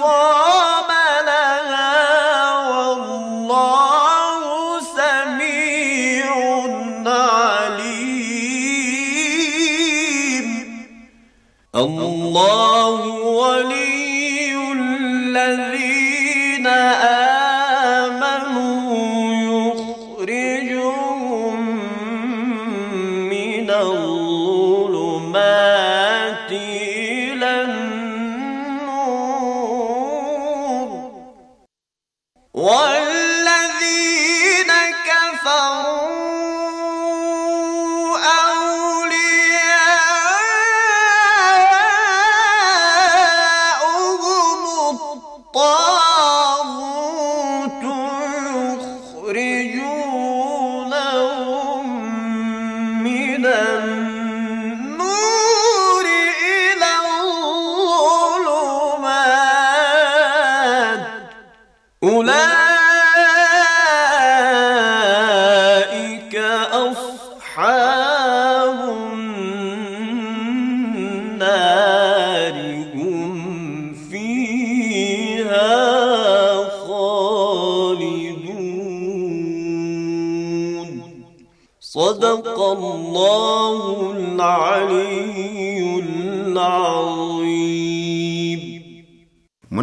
Jesus.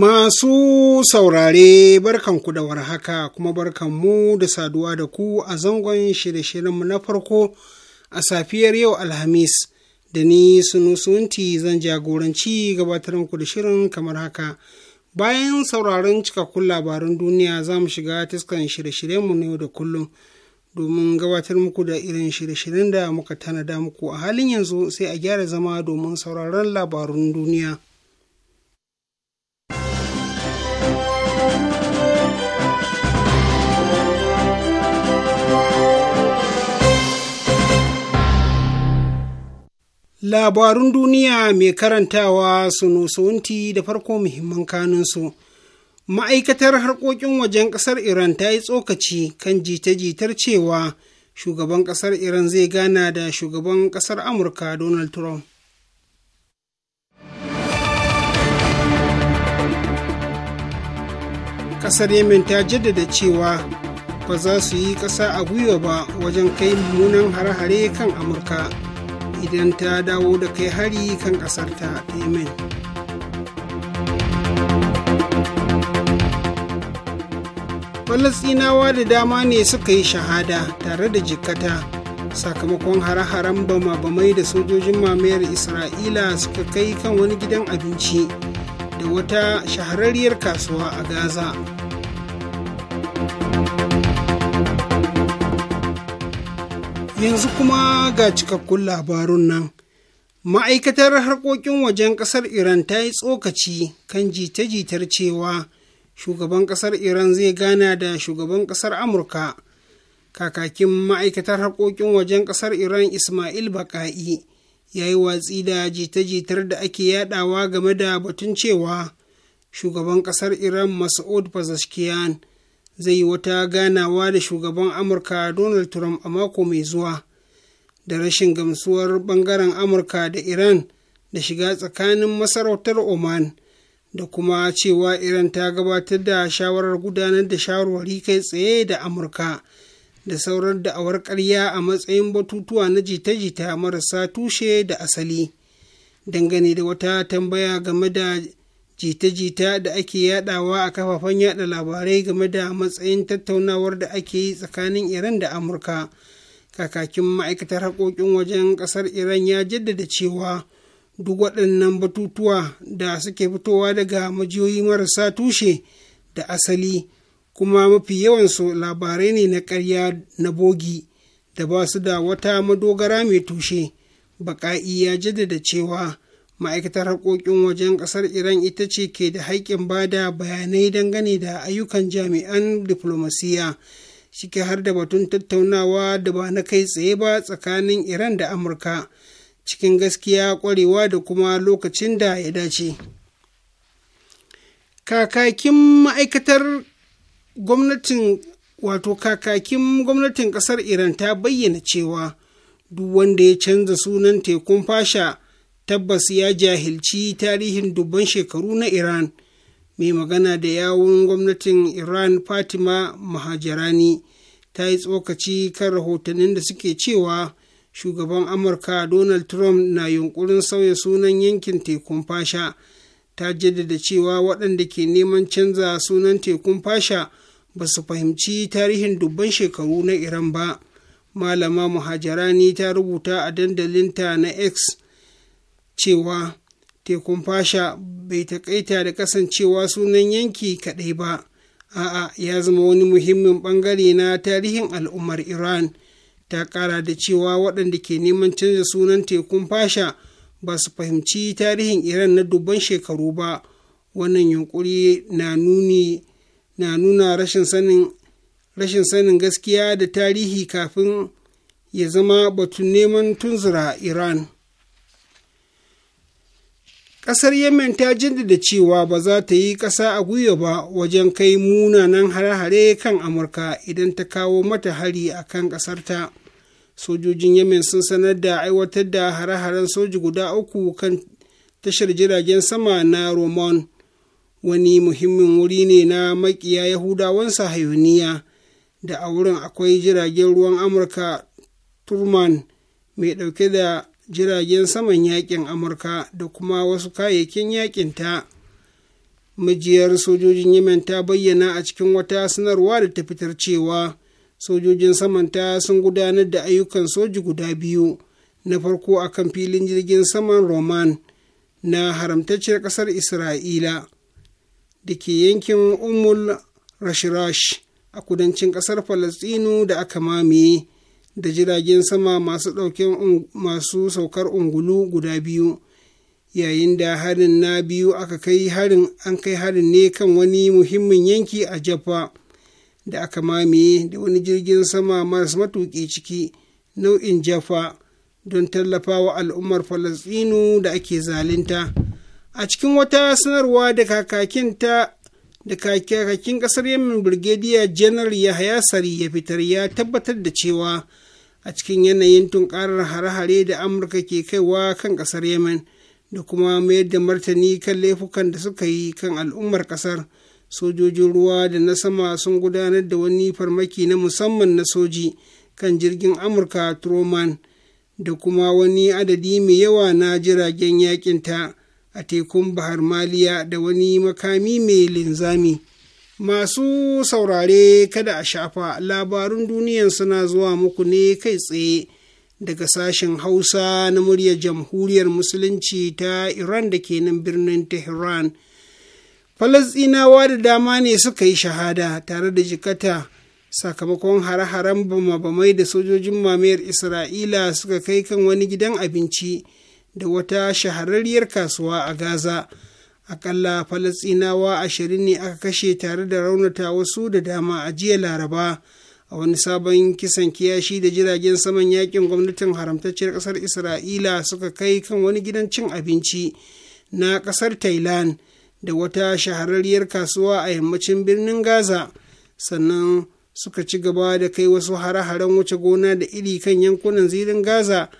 Masu saurare barkanku da warhaka kuma barkanmu da saduwa da ku a zangon shirye-shiryenmu na farko a safiyar yau Alhamis da ni sunusunti zan jagoranci gabatar muku da shirin kamar haka. Bayan sauraron cikakkun labaran duniya za mu shiga taskan shirye-shiryenmu na yau da kullum domin gabatar muku da irin shirye-shiryen da muka tanada muku a halin yanzu sai a gyara zama domin sauraron labarun duniya. Labarun duniya mai karantawa Su Nusunti da farko muhimman kanunsu. Ma'aikatar harkokin wajen ƙasar Iran ta yi tsokaci kan jita-jitar cewa shugaban ƙasar Iran zai gana da shugaban ƙasar Amurka Donald Trump. Ƙasar Yemen ta jaddada cewa ba za su yi ƙasa a gwiwa ba wajen kai mummunan hare-hare kan Amurka. idan ta dawo da kai hari kan ƙasarta amen falasinawa da dama ne suka yi shahada tare da jikata sakamakon hare-haren bama-bamai da sojojin mamayar isra'ila suka kai kan wani gidan abinci da wata shahararriyar kasuwa a gaza yanzu kuma ga cikakkun labarun nan ma'aikatar harkokin wajen ƙasar iran ta yi tsokaci kan jita-jitar cewa shugaban ƙasar iran zai gana da shugaban ƙasar amurka kakakin ma'aikatar harkokin wajen ƙasar iran ismail baka'i ya yi watsi da jita-jitar da ake yadawa game da batun cewa shugaban ƙasar iran mas'ud pezeshkian zai yi wata ganawa da shugaban amurka donald trump a mako mai zuwa da rashin gamsuwar bangaren amurka da iran da shiga tsakanin masarautar oman da kuma cewa iran ta gabatar da shawarar gudanar da shawarwari kai tsaye da amurka da saurar da'awar karya a matsayin batutuwa na jita-jita marasa tushe da asali dangane da wata tambaya game da jita-jita da ake yadawa a kafafen yada labarai game da matsayin tattaunawar da ake yi tsakanin iran da amurka kakakin ma'aikatar haƙoƙin wajen ƙasar iran ya jaddada cewa duk waɗannan batutuwa da suke fitowa daga majiyoyi marasa tushe da asali kuma mafi yawansu labarai ne na ƙarya na bogi da ba su da wata madogara mai tushe baƙa'i ya jaddada cewa ma'aikatar harkokin wajen kasar iran ita ce ke da haƙƙin da bayanai dangane da ayyukan jami'an diflomasiya ciki har da batun tattaunawa da ba na kai tsaye ba tsakanin iran da amurka cikin gaskiya kwarewa da kuma lokacin da ya dace kakakin ma'aikatar gwamnatin wato kakakin gwamnatin kasar iran ta bayyana cewa duk wanda ya canza sunan tekun fasha tabbas ya jahilci tarihin dubban shekaru na Iran. Mai magana da yawun gwamnatin Iran Fatima Mahajarani ta yi tsokaci kan rahotannin da suke cewa shugaban Amurka Donald Trump na yunkurin sauya sunan yankin tekun fasha. Ta jaddada cewa waɗanda ke neman canza sunan tekun fasha ba su fahimci tarihin dubban shekaru na Iran ba. Malama mahajarani ta rubuta a dandalinta na X. cewa tekun fasha bai taƙaita da kasancewa sunan yanki kaɗai ba a'a ya zama wani muhimmin ɓangare na tarihin al'ummar iran ta ƙara da cewa waɗanda ke neman canza sunan tekun fasha ba su fahimci tarihin iran na dubban shekaru ba wannan yunkuri na na nuna rashin sanin rashin sanin gaskiya da tarihi kafin ya zama batun neman tunzura iran Ƙasar Yemen ta jaddada cewa ba za ta yi ƙasa a gwiwa ba wajen kai munanan hare-hare kan Amurka idan ta kawo mata hari a kan ƙasarta. Sojojin Yemen sun sanar da aiwatar da hare-haren soji guda uku kan tashar jiragen sama na Roman, wani muhimmin wuri ne na makiya Yahudawan hayoniya da a wurin akwai jiragen ruwan Amurka Turman mai ɗauke da jiragen saman yakin amurka da kuma wasu kayayyakin yakin ta mijiyar sojojin yemen ta bayyana a cikin wata sanarwa da ta fitar cewa sojojin saman ta sun gudanar da ayyukan soji guda biyu na farko a kan filin jirgin saman roman na haramtacciyar kasar isra'ila da ke yankin umul rashirash a kudancin kasar falastinu da aka mamaye da jiragen sama masu ɗauke masu saukar ungulu guda biyu yayin da harin na biyu aka kai harin an kai harin ne kan wani muhimmin yanki a jaffa da aka mamaye da wani jirgin sama masu matuƙi ciki nau'in jaffa don tallafa wa al'ummar falasɗinu da ake zalunta a cikin wata sanarwa da kakakin ta da kakakin ƙasar yemen birgediya janar yahaya sari ya fitar ya tabbatar da cewa a cikin yanayin tunkarar hare-hare da amurka ke kaiwa kan ƙasar yemen da kuma mayar da martani kan laifukan da suka yi kan al'ummar ƙasar sojojin ruwa da na sama sun gudanar da wani farmaki na musamman na soji kan jirgin amurka truman da kuma wani adadi mai yawa na jiragen yakinta a tekun bahar maliya da wani makami mai linzami. Masu saurare kada a shafa labarun duniyan suna zuwa muku ne kai tsaye daga sashen Hausa na muryar Jamhuriyar Musulunci ta Iran da ke nan birnin Tehran. Falasɗinawa da dama ne suka yi shahada tare da jikata sakamakon hare-haren bama-bamai da sojojin mamayar Isra'ila suka kai kan wani gidan abinci da wata shahararriyar kasuwa a Gaza. akalla falasinawa ashirin ne aka kashe tare da raunata wasu da dama a jiya laraba a wani sabon kisan kiyashi da jiragen saman yakin gwamnatin haramtacciyar kasar isra'ila suka kai kan wani gidan cin abinci na kasar thailand da wata shahararriyar kasuwa a yammacin birnin gaza sannan suka ci gaba da kai wasu hare-haren wuce gona da iri kan yankunan zirin gaza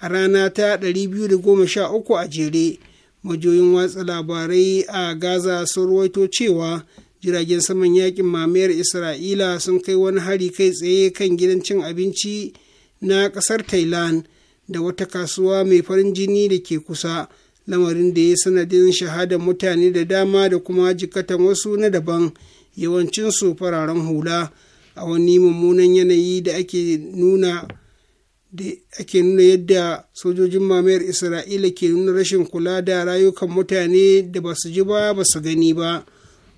a rana ta 213 a jere. majoyin watsa labarai a gaza sun ruwaito cewa jiragen saman yakin mamayar isra'ila sun kai wani hari kai tsaye kan gidan cin abinci na kasar thailand da wata kasuwa mai farin jini da ke kusa lamarin da ya sanadin shahadar mutane da dama da kuma jikatan wasu na daban yawancin su fararen hula a wani mummunan yanayi da ake nuna da ake nuna yadda sojojin mamayar isra'ila ke nuna rashin kula da rayukan mutane da ba su ji ba ba su gani ba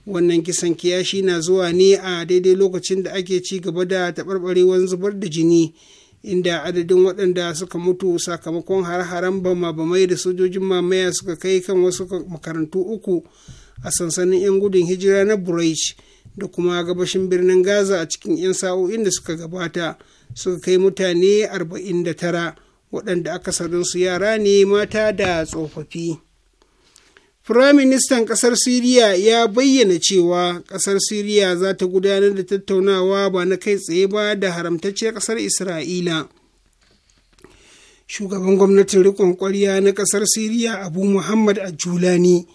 wannan kisan kiyashi na zuwa ne a daidai lokacin da ake ci gaba da taɓarɓarewar zubar da jini inda adadin waɗanda suka mutu sakamakon har-haren bama-bamai da sojojin mamaya suka kai kan wasu makarantu uku a sansanin 'yan gudun hijira na Buraic. da kuma gabashin birnin gaza a cikin 'yan sa'o'in da suka gabata suka kai mutane 49 waɗanda aka su yara ne mata da tsofaffi firaministan ƙasar siriya ya bayyana cewa ƙasar siriya za ta gudanar da tattaunawa ba na kai tsaye ba da haramtacciyar ƙasar isra'ila shugaban gwamnatin riƙon ƙwarya na ƙasar siriya abu muhammad ajulani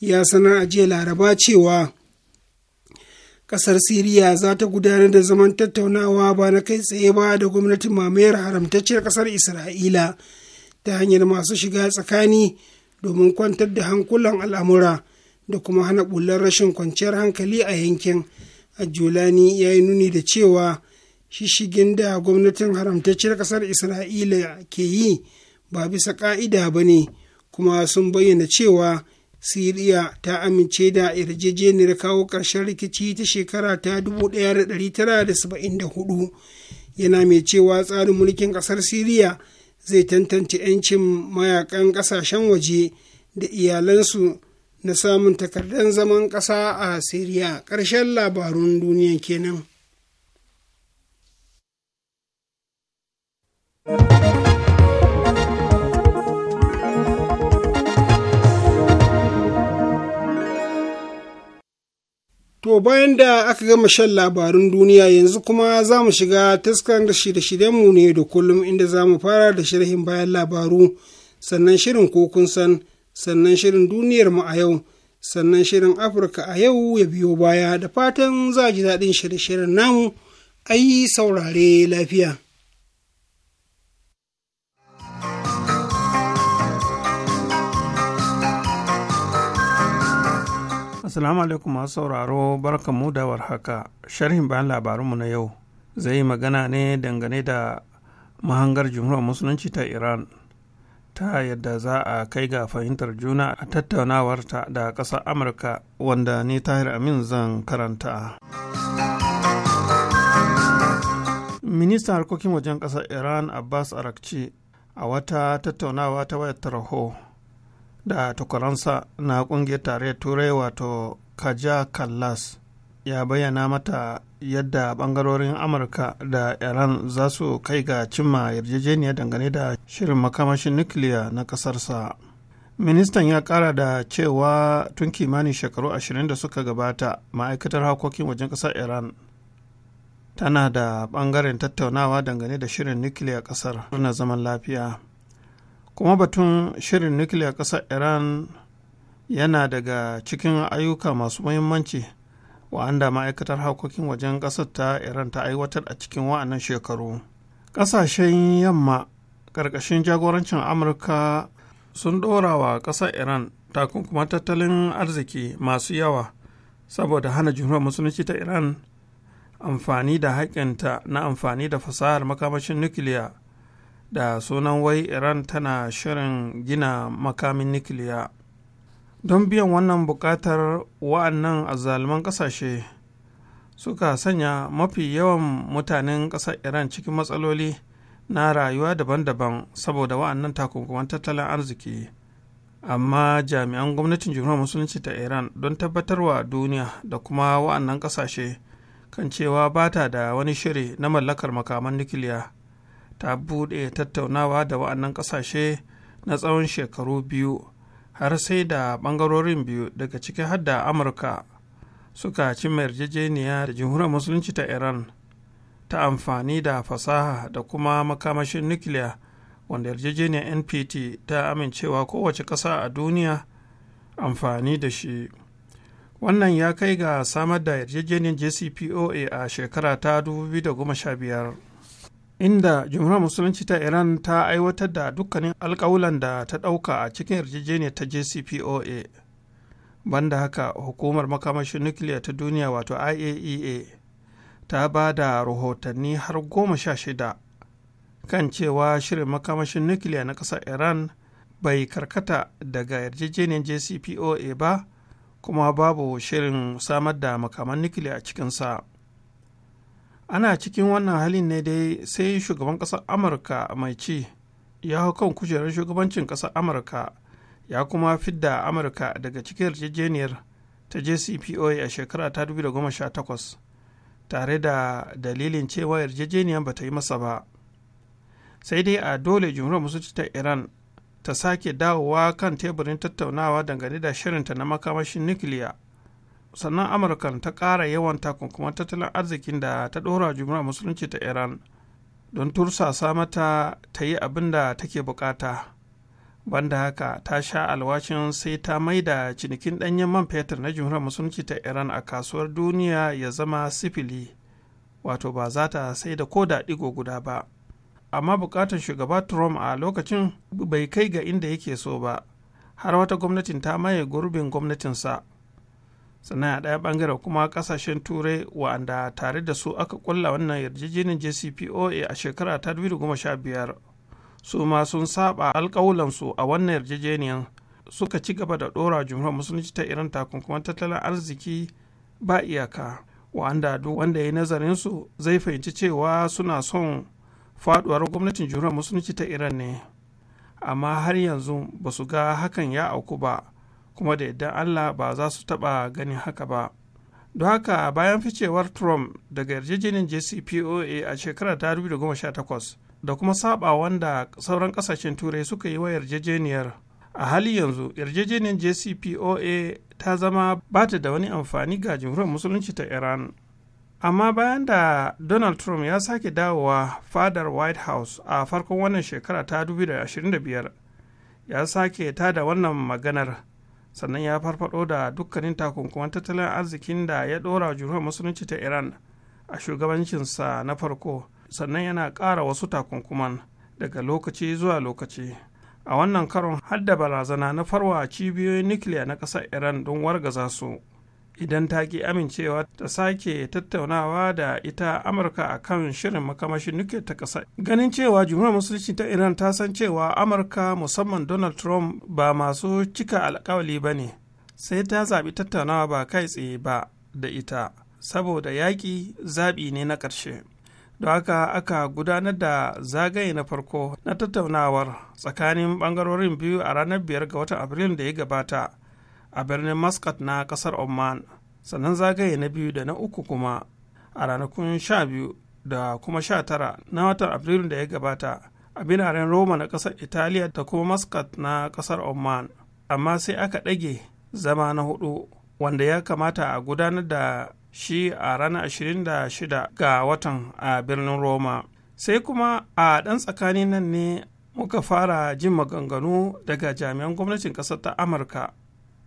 ya sanar a jiya laraba cewa kasar siriya za ta gudanar da zaman tattaunawa ba na kai tsaye ba da gwamnatin mamayar haramtacciyar kasar isra'ila ta hanyar masu shiga tsakani domin kwantar da hankulan al'amura da kuma hana bullar rashin kwanciyar hankali a yankin julani ya yi nuni da cewa shishigin da gwamnatin haramtacciyar kasar isra'ila ke yi ba bisa ka'ida ba ne kuma sun bayyana cewa siriya ta amince da yarjejeniyar kawo ƙarshen rikici ta shekara ta 1974 yana mai cewa tsarin mulkin ƙasar siriya zai tantance 'yancin mayakan ƙasashen waje da iyalansu na samun takardar zaman ƙasa a siriya ƙarshen labarun duniya kenan. To bayan da aka gama shan labarun duniya yanzu kuma za mu shiga taskan da shirye mu ne da kullum inda za mu fara da sharhin bayan labaru, sannan shirin kokun san, sannan shirin duniyar mu a yau, sannan shirin Afirka a yau ya biyo baya da fatan za ji daɗin shirye-shiryen namu, ayi saurare lafiya. Assalamu alaikum masu sauraro barkanmu da warhaka. Sharhin bayan labarunmu na yau zai yi magana ne dangane da mahangar jumhuriyar musulunci ta Iran ta yadda za a kai ga fahimtar juna a tattaunawarta da ƙasar Amurka wanda ni Tahir Amin zan karanta. Ministan harkokin wajen ƙasar Iran Abbas Arakci a wata tattaunawa ta wayar tarho da tukuransa na kungiyar tarayyar turai wato kaja kallas ya bayyana mata yadda bangarorin amurka da iran za su kai ga cimma yarjejeniya dangane da shirin makamashin nukiliya na kasarsa ministan ya kara da cewa tun kimanin shekaru 20 da suka gabata ma'aikatar harkokin wajen kasar iran tana da bangaren tattaunawa dangane da shirin nukiliya kasar na zaman lafiya kuma batun shirin nukiliya ƙasar iran yana daga cikin ayyuka masu muhimmanci wa'anda ma'aikatar harkokin wajen ƙasar ta iran ta aiwatar a cikin wa'annan shekaru ƙasashen yamma ƙarƙashin jagorancin amurka sun ɗora wa ƙasar iran takunkuman tattalin arziki masu yawa saboda hana jumhuriyar musulunci ta iran amfani da haƙƙinta na amfani da fasahar makamashin nukiliya da sunan wai iran tana shirin gina makamin nukiliya. don biyan wannan bukatar wa'annan azzaluman kasashe suka sanya mafi yawan mutanen ƙasar iran cikin matsaloli na rayuwa daban-daban saboda wa'annan takunkuman tattalin arziki amma jami'an gwamnatin jihar musulunci ta iran don tabbatarwa duniya da kuma wa'annan ƙasashe kan cewa ba ta da wani shiri na mallakar makaman nukiliya ta buɗe tattaunawa da wa'annan ƙasashe na tsawon shekaru biyu har sai da ɓangarorin biyu daga ciki har da amurka suka cimma yarjejeniya da jamhuriyar musulunci ta iran ta amfani da fasaha da kuma makamashin nukiliya wanda yarjejeniyar npt ta amincewa kowace ƙasa a duniya amfani da shi wannan ya kai ga samar da yarjejeniyar jcpoa a shekara ta 2015 inda jumhuriyar musulunci ta iran ta aiwatar da dukkanin alkawulan da ta ɗauka a cikin yarjejeniyar ta jcpoa banda haka hukumar makamashin nukiliya ta duniya wato iaea e ta ba da rahotanni har goma sha shida kan cewa shirin makamashin nukiliya na ƙasar iran bai karkata daga yarjejeniyar jcpoa ba kuma babu shirin samar da makaman nukiliya a cikinsa. ana cikin wannan halin ne dai sai shugaban ƙasar amurka mai ci ya hau kan kujerar shugabancin ƙasar amurka ya kuma fidda amurka daga cikin yarjejeniyar ta jcpoa a shekara ta 2018 tare da dalilin cewa yarjejeniyar ba ta yi masa ba sai dai a dole jumhuriyar musulci ta iran ta sake dawowa kan teburin tattaunawa dangane da shirinta na makamashin nukiliya sannan amurkan ta ƙara yawan kuma tattalin arzikin da ta ɗora jumhuriyar musulunci ta iran don tursasa mata ta yi abin da take bukata banda haka ta sha alwashin sai ta mai da cinikin ɗanyen man fetur na jumhuriyar musulunci ta iran a kasuwar duniya ya zama sifili wato ba za ta sai da ko da ɗigo guda ba amma bukatar shugaba trump a lokacin bai kai ga inda yake so ba har wata gwamnatin ta maye gurbin gwamnatinsa sannan a ɗaya ɓangaren kuma ƙasashen turai wa'anda tare da su aka ƙulla wannan yarjejeniyar jcpoa a shekara ta 2015 su ma sun saba alƙawulansu a wannan yarjejeniyar suka ci gaba da ɗora jumhuriyar musulunci ta iran takunkuman tattalin arziki ba iyaka wa'anda duk wanda ya yi nazarin su zai fahimci cewa suna son faɗuwar gwamnatin jumhuriyar musulunci ta iran ne amma har yanzu ba su ga hakan ya auku ba kuma da yadda Allah ba za su taɓa ganin haka ba. Don haka bayan ficewar Trump daga yarjejeniyar JCPOA a shekarar 2018 da kuma saba wanda sauran ƙasashen turai suka yi wa yarjejeniyar a hali yanzu yarjejeniyar JCPOA ta zama ba ta da wani amfani ga jimhuriyar musulunci ta Iran. Amma bayan da Donald Trump ya sake dawowa fadar White House a farkon wannan shekara ta 2025 ya sake ta da wannan maganar. sannan ya farfado da dukkanin takunkuman tattalin arzikin da ya dora juriyar musulunci ta iran a shugabancinsa na farko sannan yana ƙara wasu takunkuman daga lokaci zuwa lokaci a wannan karon hadda barazana na farwa cibiyoyin nukiliya na ƙasar iran don wargaza su idan ta ki amincewa ta sake tattaunawa da ita amurka a kan shirin makamashin nuke ta kasa. ganin cewa jumhuriyar musulunci ta iran ta san cewa amurka musamman donald trump ba masu cika alkawali ba ne sai ta zaɓi tattaunawa ba kai tsaye ba da ita saboda yaƙi zaɓi ne na ƙarshe da haka aka gudanar da zagaye na farko na tattaunawar tsakanin ɓangarorin biyu a ranar biyar ga watan afrilu da ya gabata a birnin muscat na kasar oman sannan zagaye na biyu da na uku kuma a ranakun sha biyu da kuma sha tara na watan afrilu da ya gabata a binaren roma na kasar italiya da kuma muscat na kasar oman amma sai aka ɗage zama na hudu wanda ya kamata a gudanar da shi a ranar 26 ga watan a birnin roma sai kuma a ɗan tsakanin nan ne muka fara jin maganganu daga jami'an gwamnatin ƙasar ta amurka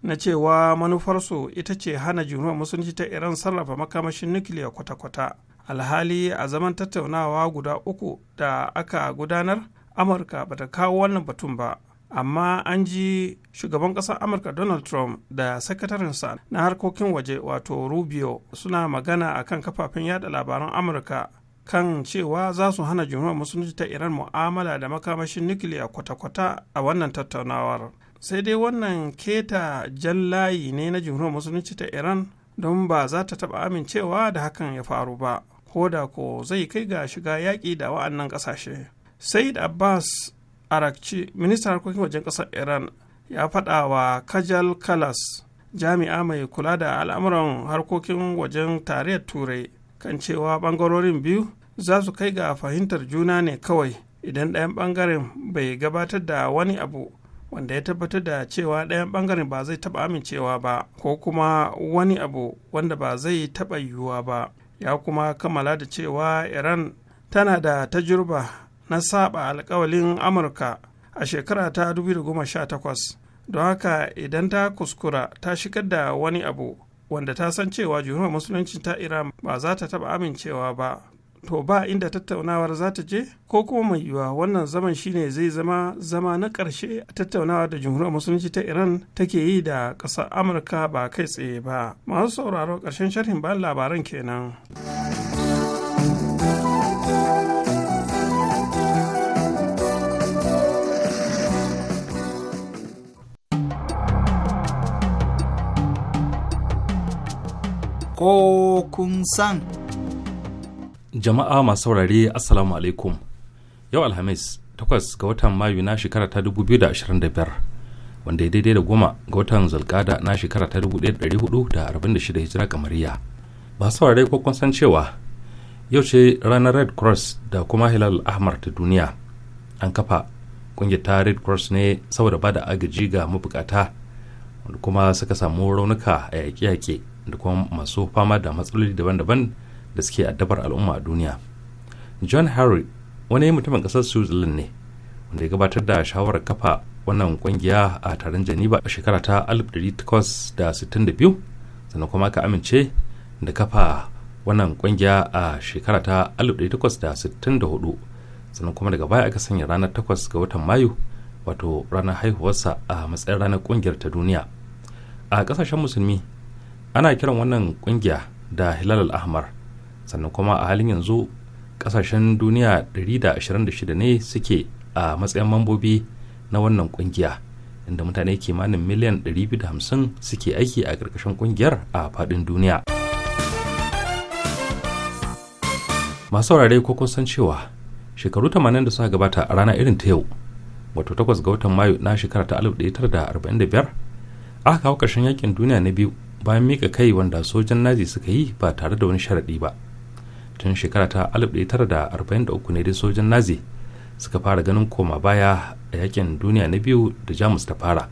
na cewa manufarsu ita ce hana junuwa musulunci ta iran sarrafa makamashin nukiliya kwata-kwata alhali a zaman tattaunawa guda uku da aka gudanar amurka bata kawo wannan batun ba amma an ji shugaban ƙasar amurka donald trump da sakatarinsa na harkokin waje wato rubio suna magana a kan kafafen yada labaran amurka kan cewa za su hana junuwa musulunci ta iran mu'amala da makamashin nukiliya kwata-kwata a wannan tattaunawar sai dai wannan keta jan layi ne na jumhuriyar musulunci ta iran don ba za ta taɓa amincewa da hakan ya faru ba ko da ko zai kai ga shiga yaƙi da wa'annan ƙasashe said abbas arakci ministan harkokin wajen ƙasar iran ya faɗa wa kajal kalas jami'a mai kula da al'amuran harkokin wajen tarayyar turai kan cewa ɓangarorin biyu za su kai ga fahimtar juna ne kawai idan ɗayan ɓangaren bai gabatar da wani abu wanda ya tabbatar da cewa ɗayan ɓangaren ba zai taɓa amincewa ba ko kuma wani abu wanda ba zai taɓa yiwuwa ba ya kuma kammala da cewa iran tana da tajurba na saba alkawalin amurka a shekara ta 2018 don haka idan ta kuskura ta shigar da wani abu wanda ta san cewa juhuwar musulunci ta iran ba za ta taɓa amincewa ba to ba inda tattaunawar za ta je ko kuma mai yiwuwa wannan zaman shine zai zama zama na ƙarshe a tattaunawa da jamhuriyar musulunci ta iran take yi da ƙasar amurka ba kai tsaye ba masu sauraro ƙarshen sharhin bayan labaran kenan. ko kun san. Jama'a masu saurare Assalamu alaikum. Yau Alhamis, takwas ga watan Mayu na shekara ta 2025, wanda ya daidai da goma ga watan zalkada na shekara ta 1446 Hijira kamariya. Ba saurare ko kun san cewa yau ce ranar Red Cross da kuma Hilal Ahmar ta duniya. An kafa kungiyar ta Red Cross ne saboda bada agaji ga mabukata wanda kuma suka samu raunuka a yaƙe-yaƙe da kuma masu fama da matsaloli daban-daban da suke addabar al'umma a duniya john harry wani mutumin kasar switzerland ne wanda ya gabatar da shawarar kafa wannan kungiya a taron janiba a shekara ta 1862 sannan kuma aka amince da kafa wannan kungiya a shekara ta 1864 sannan kuma daga baya aka sanya ranar 8 ga watan mayu wato ranar haihuwarsa a matsayin ranar kungiyar ta duniya a kasashen musulmi ana kiran wannan kungiya da hilal al-ahmar sannan kuma a halin yanzu kasashen duniya 126 ne suke a matsayin mambobi na wannan kungiya inda mutane kimanin miliyan 250 suke aiki a ƙarƙashin kungiyar a faɗin duniya masu saurare ko kun cewa shekaru 80 da suka gabata a rana irin ta yau wato 8 ga watan mayu na shekara ta 1945 aka kawo ƙarshen yakin duniya na biyu bayan mika kai wanda sojan nazi suka yi ba tare da wani sharaɗi ba tun shekara ta 1943 ne dai sojan nazi suka fara ganin koma baya a yakin duniya na biyu da jamus ta fara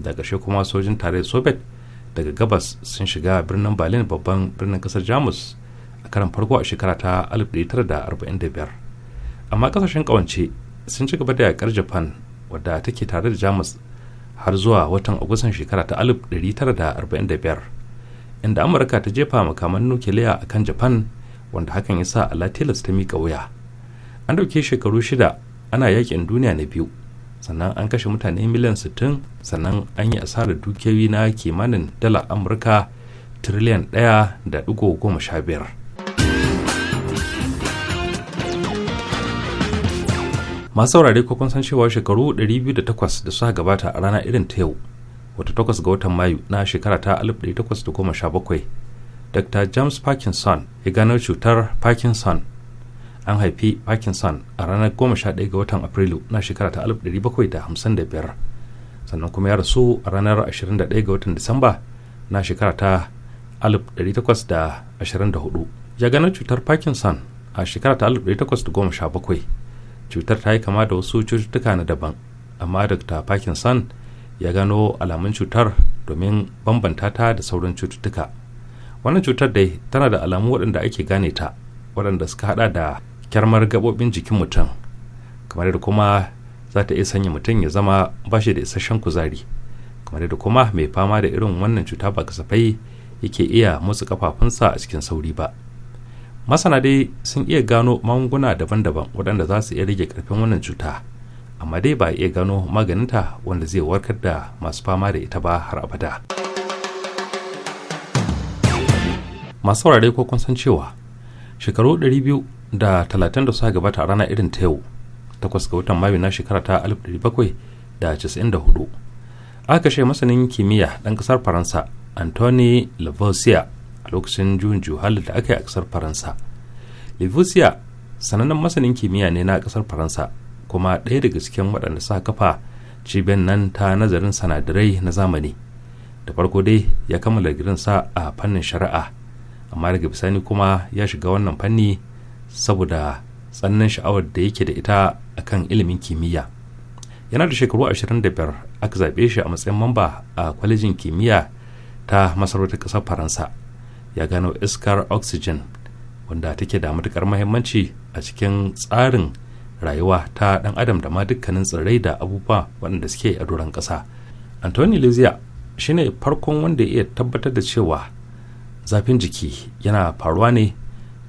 da ƙarshe kuma sojin tarayyar soviet daga gabas sun shiga birnin berlin babban birnin kasar jamus a karan farko a shekara ta 1945 amma kasashen ƙawance sun ci gaba da yakar japan wadda take tare da jamus har zuwa watan agustan shekara ta 1945 inda amurka ta jefa makaman nukiliya a kan japan wanda hakan ya sa alatilas ta miƙa wuya an ɗauke shekaru shida ana yakin duniya na biyu sannan an kashe mutane miliyan sittin sannan an yi asarar dukiyoyi na kimanin dala amurka tiriliyan 1.15 masu saurare kun san cewa shekaru 208 da suka gabata a rana irin ta yau wata 8 ga watan mayu na shekara ta bakwai. dr james parkinson ya gano cutar parkinson an haifi parkinson a ranar 11 ga watan afrilu na shekara ta 1755 sannan kuma ya rasu a ranar 21 ga watan disamba na shekara ta 1824 ya gano cutar parkinson a shekara ta 1817 cutar ta yi kama da wasu cututtuka na daban amma dr parkinson ya gano alamun cutar domin bambanta ta da sauran cututtuka wannan cutar dai tana da alamu waɗanda ake gane ta waɗanda suka hada da kyarmar gaɓoɓin jikin mutum kamar da kuma za ta iya sanya mutum ya zama ba shi da isasshen kuzari kamar da kuma mai fama da irin wannan cuta ba kasafai yake iya motsa kafafunsa a cikin sauri ba masana dai sun iya gano magunguna daban-daban waɗanda za su iya rage ƙarfin wannan cuta amma dai ba iya gano maganinta wanda zai warkar da masu fama da ita ba har abada. masu saurare ko kun san cewa shekaru 230 da suka gabata a rana irin ta yau takwas ga watan mayu na shekara ta 1794 aka kashe masanin kimiyya ɗan ƙasar faransa anthony lavoisier a lokacin juyin juhal da aka yi a ƙasar faransa lavoisier sanannen masanin kimiyya ne na ƙasar faransa kuma ɗaya daga cikin waɗanda suka kafa cibiyar nan ta nazarin sanadarai na zamani da farko dai ya kammala girinsa a fannin shari'a amma daga bisani kuma ya shiga wannan fanni saboda tsannan sha'awar da yake da ita akan ilimin kimiyya yana da shekaru 25 aka zaɓe shi a matsayin mamba a kwalejin kimiyya ta masarautar ƙasar faransa ya gano iskar oxygen wanda take da matuƙar mahimmanci a cikin tsarin rayuwa ta ɗan adam da ma dukkanin tsirrai da abubuwa waɗanda suke a doron ƙasa antoni lizia shine farkon wanda ya iya tabbatar da cewa zafin jiki yana faruwa ne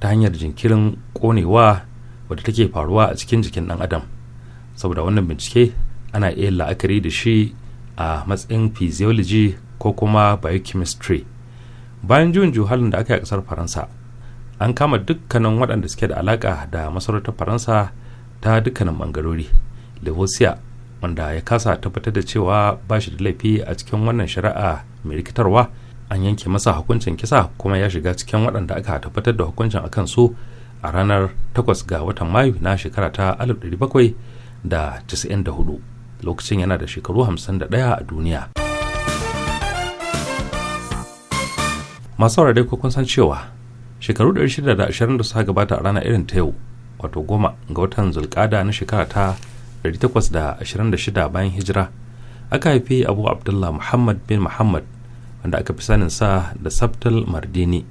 ta hanyar jinkirin konewa wadda take faruwa a cikin jikin ɗan adam saboda wannan bincike ana iya la'akari da shi a matsayin physiology ko kuma biochemistry bayan juyin juhalin da aka yi a ƙasar faransa an kama dukkanin waɗanda suke da alaƙa da masarautar faransa ta dukkanin ɓangarori levosia wanda ya kasa tabbatar da cewa ba shi da laifi a cikin wannan shari'a mai rikitarwa an yanke masa hukuncin kisa kuma ya shiga cikin waɗanda aka tabbatar da hukuncin a kansu a ranar 8 ga watan mayu na shekara ta 1794 lokacin yana da shekaru 51 a duniya masu saurare san cewa shekaru 620 da suka gabata a rana irin ta yau wato goma ga watan zulkada na shekara ta 826 bayan hijira aka haifi abu abdullah muhammad bin muhammad wanda aka fi sanin sa da sabtal Mardini.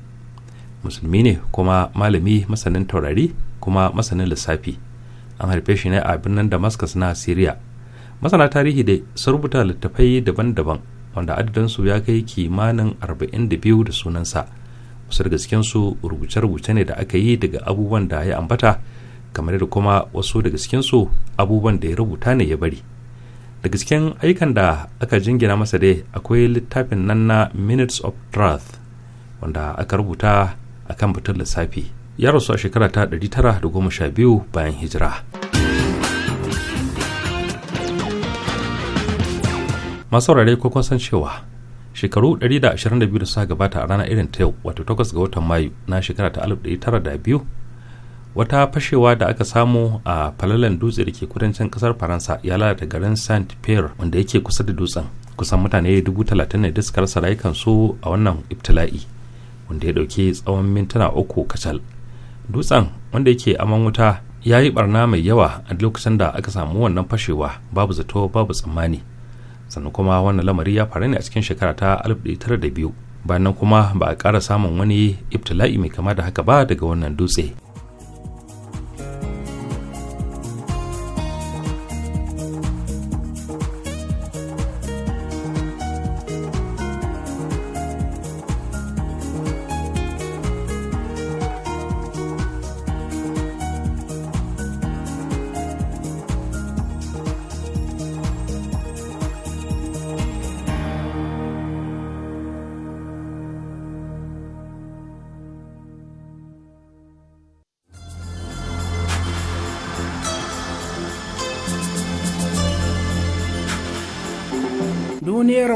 Musulmi ne kuma malami masanin taurari kuma masanin lissafi. An haife shi ne a birnin Damascus na Syria. Masana tarihi da sun rubuta littattafai daban-daban wanda adadinsu ya kai kimanin 42 da sunansa. Wasu daga cikinsu rubuce-rubuce ne da aka yi daga abubuwan da ya ambata kamar da kuma wasu daga cikinsu abubuwan da ya rubuta ne ya bari. daga cikin ayyukan da aka jingina masa dai akwai littafin nan na minutes of truth wanda aka rubuta a kan batun lissafi ya rasu a shekara ta 912 bayan hijira masu saurare ko kun cewa shekaru 122 da suka gabata a ranar irin ta yau wato 8 ga watan mayu na shekara ta 1902 wata fashewa da aka samu a falalan dutse da ke kudancin kasar faransa ya lalata garin saint pierre wanda yake kusa da dutsen kusan mutane dubu talatin ne da suka rasa rayukansu a wannan ibtila'i wanda ya dauke tsawon mintuna uku kacal dutsen wanda yake aman wuta ya yi barna mai yawa a lokacin da aka samu wannan fashewa babu zato babu tsammani sannan kuma wannan lamari ya faru ne a cikin shekara ta 1902 bayan kuma ba a kara samun wani ibtila'i mai kama da haka ba daga wannan dutse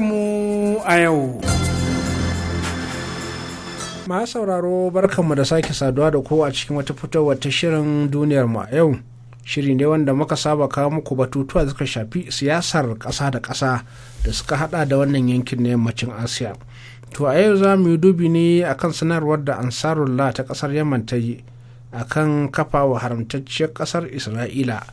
mu a yau. Ma sauraro barkanmu da sake saduwa da kowa a cikin wata fitowa ta shirin duniyar mu a yau. Shiri ne wanda muka saba kawo muku batutuwa suka shafi siyasar ƙasa da ƙasa da suka hada da wannan yankin na yammacin Asiya. To a yau za mu yi dubi ne akan sanarwar da Ansarullah ta ƙasar Yaman ta yi akan kafa wa haramtacciyar ƙasar Isra'ila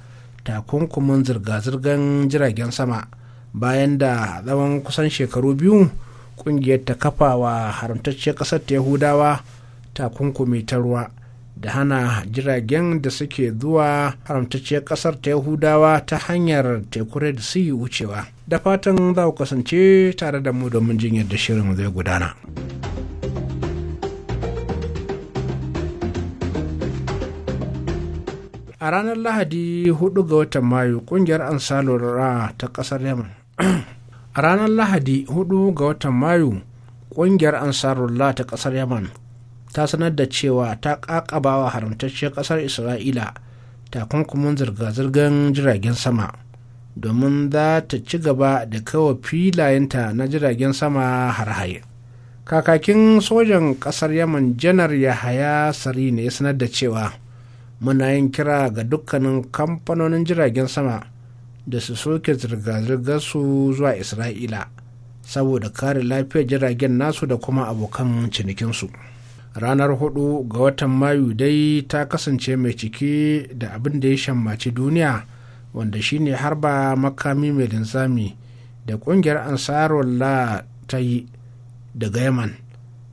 takunkumin zirga-zirgar jiragen sama. bayan da tsawon kusan shekaru biyu kungiyar ta kafa wa haramtacciyar ƙasar ta yahudawa takunkumi ta ruwa da hana jiragen da suke zuwa haramtacciyar ƙasar ta yahudawa ta hanyar teku red sea wucewa da fatan za ku kasance tare da mu domin jin yadda shirin zai gudana. a ranar lahadi 4 ga watan mayu kungiyar ansalora ta kasar yamma. a ranar lahadi 4 ga watan mayu ƙungiyar ansarullah ta ƙasar yaman ta sanar da cewa ta ƙaƙabawa haramtacciyar ƙasar isra'ila takunkumin zirga-zirgar jiragen sama domin za ta ci gaba da kawo filayenta na jiragen sama har kakakin sojan ƙasar yaman janar yahaya sari ne ya sanar da cewa muna yin kira ga dukkanin kamfanonin jiragen sama da su soke zirga-zirgar su zuwa isra'ila saboda kare lafiyar jiragen nasu da kuma abokan cinikinsu ranar 4 ga watan mayu dai ta kasance mai ciki da abin da ya shammaci duniya wanda shine harba makami mai linzami da kungiyar ansarullah ta yi daga yaman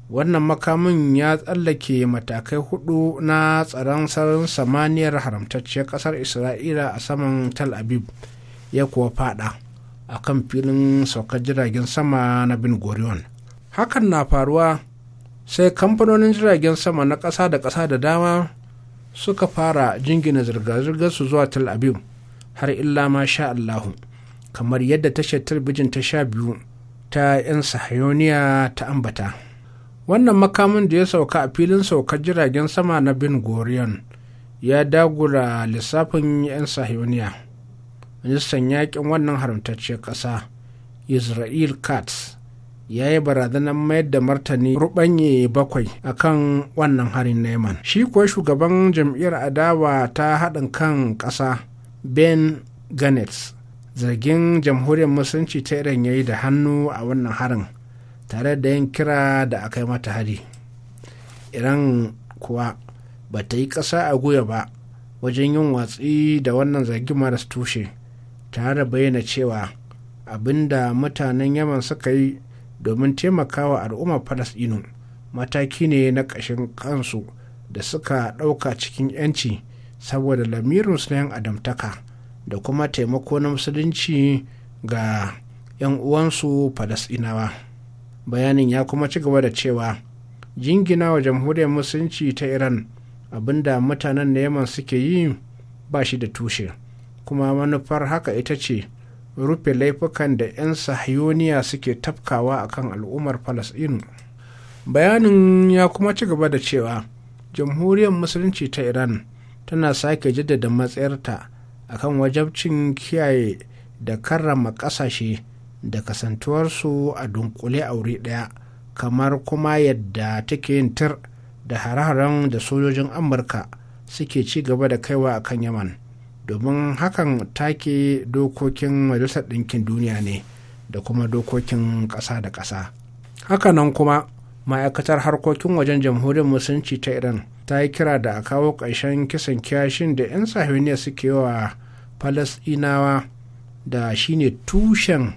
wannan makamin ya tsallake matakai hudu na tsaron sararin samaniyar haramtacciyar kasar isra'ila a saman Tal aviv ya kuwa fada a kan filin saukar jiragen sama na bin gorion hakan na faruwa sai kamfanonin jiragen sama na ƙasa da ƙasa da dama suka fara jingina zirga-zirgar su zuwa tel aviv har illa ma sha allahu kamar yadda tashar talbijin ta sha biyu ta 'yan sahayoniya ta ambata wannan makamin da ya sauka a filin saukar jiragen sama na bin gorion ya dagura lissafin 'yan sahayoniya ministan yakin wannan haramtacciyar ƙasa israel katz ya yi barazanar mayar da martani rubanye bakwai a kan wannan harin neman shi kuwa shugaban jam'iyyar adawa ta haɗin kan ƙasa ben gannett zargin jamhuriyar musulunci ta iran ya da hannu a wannan harin tare da yin kira da aka yi mata hari iran kuwa ba ta yi ƙasa a guya ba wajen yin watsi da wannan zargin maras tushe tare da bayyana cewa abin da mutanen yaman suka yi domin taimakawa al'ummar falasɗinu mataki ne na ƙashin kansu da suka ɗauka cikin 'yanci saboda lamirin yan adamtaka da kuma taimako na musulunci ga 'yan uwansu falasɗinawa bayanin ya kuma ci gaba da cewa jingina wa jamhuriyar musulunci ta iran abinda mutanen na yaman suke yi ba shi da tushe kuma manufar haka ita ce rufe laifukan da 'yan sahiyoniya suke tafkawa akan al'ummar falasɗinu bayanin ya kuma ci gaba da cewa jamhuriyar musulunci ta iran tana sake jaddada matsayarta akan wajabcin kiyaye da karrama ƙasashe da kasantuwarsu a dunkule a wuri ɗaya kamar kuma yadda take yin tir da hare-haren da sojojin amurka suke ci gaba da kaiwa akan yaman domin hakan take dokokin majalisar ɗinkin duniya ne da kuma dokokin ƙasa da ƙasa hakanan kuma ma'aikatar harkokin wajen jamhuriyar musulunci ta iran ta yi kira da a kawo ƙarshen kisan kiyashin da 'yan sahiyoniya suke wa falasɗinawa da shine tushen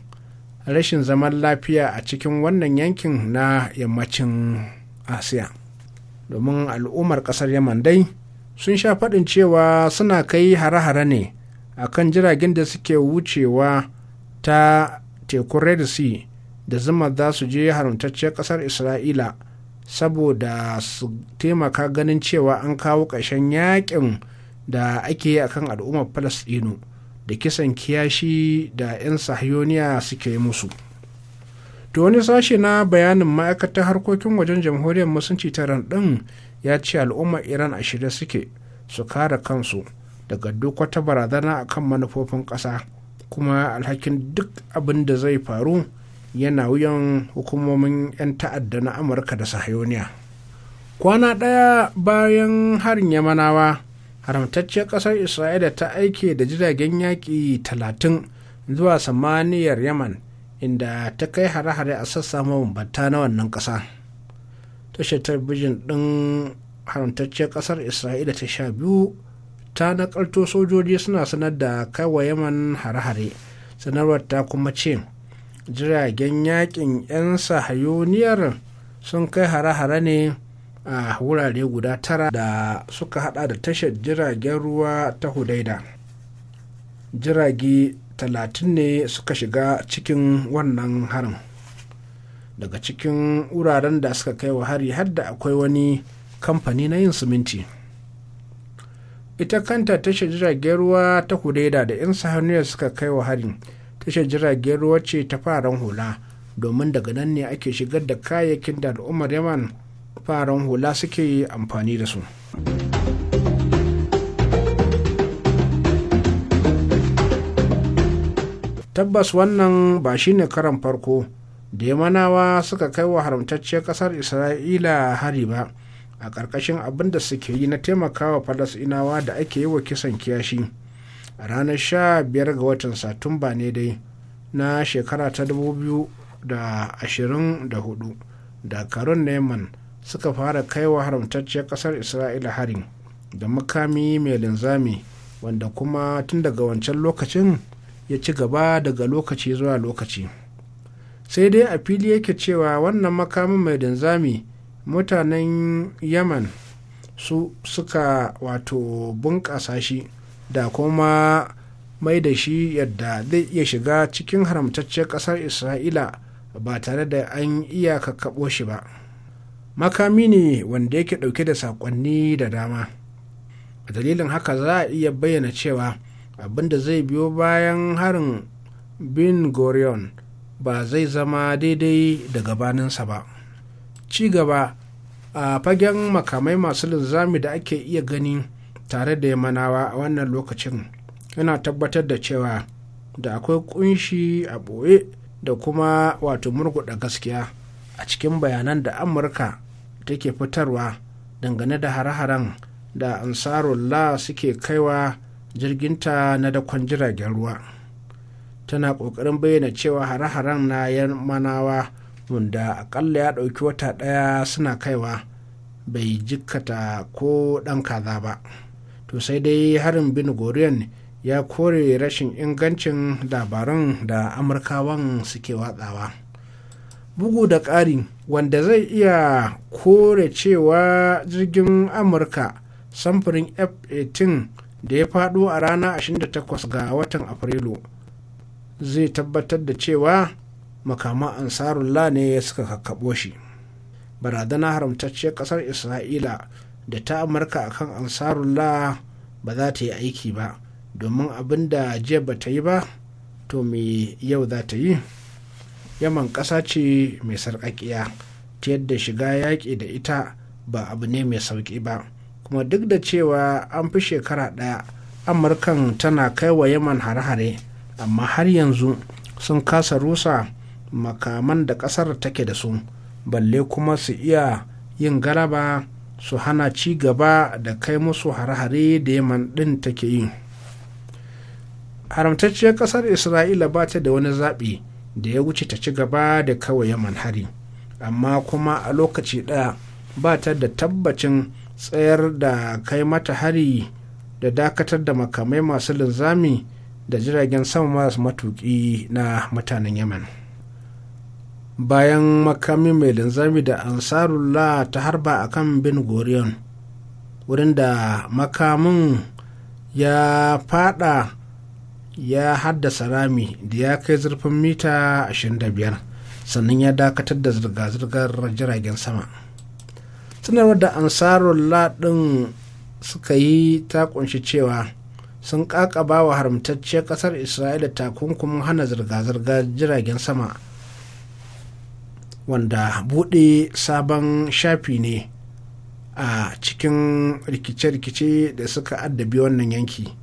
rashin zaman lafiya a cikin wannan yankin na yammacin asiya domin al'ummar ƙasar yaman dai sun sha faɗin cewa suna kai hare-hare ne a kan jiragen da suke wucewa ta tekun red sea da zuma za su je haramtacciyar ƙasar isra'ila saboda su taimaka ganin cewa an kawo ƙarshen yakin da ake yi a kan al'ummar Falasɗinu da kisan kiyashi da 'yan sahiyoniya suke musu to wani sashe na bayanin ma'aikatar harkokin wajen jamhuriyar musulunci ta ɗin ya ce al'ummar iran a shirya suke su kare kansu daga duk wata barazana a kan manufofin ƙasa kuma alhakin duk abin da zai faru yana wuyan hukumomin 'yan ta'adda na amurka da sahayoniya kwana ɗaya bayan harin yamanawa haramtacciyar ƙasar isra'ila ta aike da jiragen yaƙi talatin zuwa samaniyar yaman inda ta kai hare-hare a sassa mabambanta na wannan ƙasa. tashar talabijin ɗin haramtacciyar ƙasar isra'ila ta sha biyu ta nakalto sojoji suna sanar da kaiwa yaman hare-hare sanarwar ta kuma ce jiragen yakin 'yan sahayoniyar sun kai hare-hare ne a wurare guda tara da suka hada da tashar jiragen ruwa ta hudaida jirage talatin ne suka shiga cikin wannan harin daga cikin wuraren da suka kai wa hari har da akwai wani kamfani na yin siminti ita kanta tashar jiragen ruwa ta kureda da 'yan sahaniya suka kai wa harin tashar jiragen ruwa ce ta faran hula domin daga nan ne ake shigar da kayayyakin da al'ummar yaman faran hula suke amfani da su. tabbas wannan ba shi ne karan farko da yamanawa suka kai wa haramtacciyar ƙasar isra'ila hari ba a ƙarƙashin abin da suke yi na taimakawa falasinawa da ake yi wa kisan kiyashi a ranar sha biyar ga watan satumba ne dai na shekara ta dubu biyu da ashirin da hudu da dakarun neman suka fara kai wa haramtacciyar ƙasar isra'ila harin da makami mai linzami wanda kuma tun daga wancan lokacin ya ci gaba daga lokaci zuwa lokaci. sai dai a fili yake cewa wannan makamin mai danzami mutanen yaman su suka wato bunƙasa shi da kuma mai da shi yadda zai iya shiga cikin haramtacciyar ƙasar isra'ila ba tare da an iya shi ba makami ne wanda yake ɗauke da saƙonni da dama a dalilin haka za a iya bayyana cewa abinda zai biyo bayan harin bin gorion ba zai zama daidai da gabaninsa ba ci gaba a fagen makamai masu linzami da ake iya gani tare da yamanawa a wannan lokacin yana tabbatar da cewa da akwai kunshi a ɓoye da kuma wato murguɗa gaskiya a cikin bayanan da amurka take fitarwa dangane da hare-haren da ansarullah suke kaiwa jirginta na dakon jiragen ruwa. tana ƙoƙarin bayyana cewa hare-haren na 'yan manawa, wanda akalla ya ɗauki wata ɗaya suna kaiwa bai jikkata ko ɗan kaza ba to sai dai harin bin goriyan ya kore rashin ingancin labaran da amurkawan suke watsawa bugu da ƙari wanda zai iya kore cewa jirgin amurka samfurin f-18 da ya faɗo a rana 28 ga watan afrilu zai tabbatar da cewa makaman ansarullah ne ya suka kakkaɓo shi barazana haramtacciyar ƙasar isra'ila da ta amurka akan ansarullah ba za ta yi aiki ba domin abin da jiya ba ta yi ba to me yau za ta yi yaman ƙasa ce mai sarƙaƙiya ta yadda shiga yaƙi da ita ba abu ne mai sauƙi ba kuma duk da cewa an fi shekara ɗaya amurkan tana kai wa yaman hare-hare amma har yanzu sun kasa rusa makaman da ƙasar take da su balle kuma su iya yin garaba su hana ci gaba da kai musu har hare da yaman ɗin take yi haramtacciyar ƙasar isra'ila ba ta da wani zaɓi da ya wuce ta ci gaba da kawai yaman hari amma kuma a lokaci ɗaya ba ta da tabbacin tsayar da kai mata hari da dakatar da makamai masu linzami da jiragen sama masu matuki na mutanen yemen bayan makami mai linzami da ansarullah ta harba a kan bin gorion wurin da makamin ya fada ya haddasa rami da ya kai zurfin mita 25 sannan ya dakatar da zirga-zirgar jiragen sama sanarwar da ansarullah din suka yi ta kunshi cewa sun kakaba wa haramtacciyar ƙasar isra'ila takunkumin hana zirga-zirgar jiragen sama wanda buɗe sabon shafi ne a cikin rikice-rikice da suka addabi wannan yanki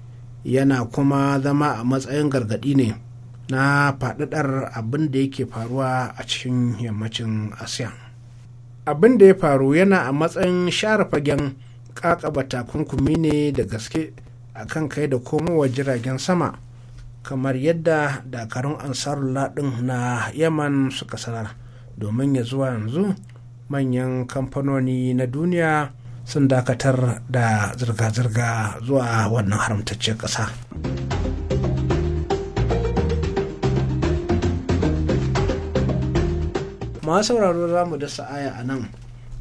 yana kuma zama a matsayin gargaɗi ne na faɗaɗar abin da yake faruwa a cikin yammacin asiya abin da ya faru yana a matsayin share fagen kakaba takunkumi ne da gaske a kan kai da komowa jiragen sama kamar yadda dakarun ansarullah ɗin na yaman suka sanar domin ya zuwa yanzu manyan kamfanoni na duniya sun dakatar da zirga-zirga zuwa wannan haramtacciyar ƙasa. masu sauraro za mu da sa'aya a nan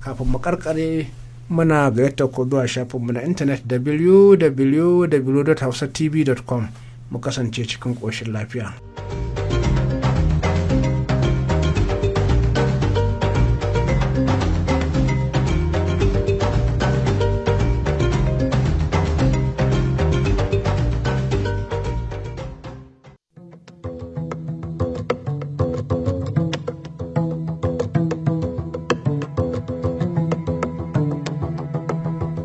kafin mu karkare muna gayyata ku zuwa shafinmu na intanet www.hausatv.com mu kasance cikin ƙoshin lafiya.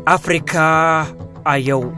Afirka a yau.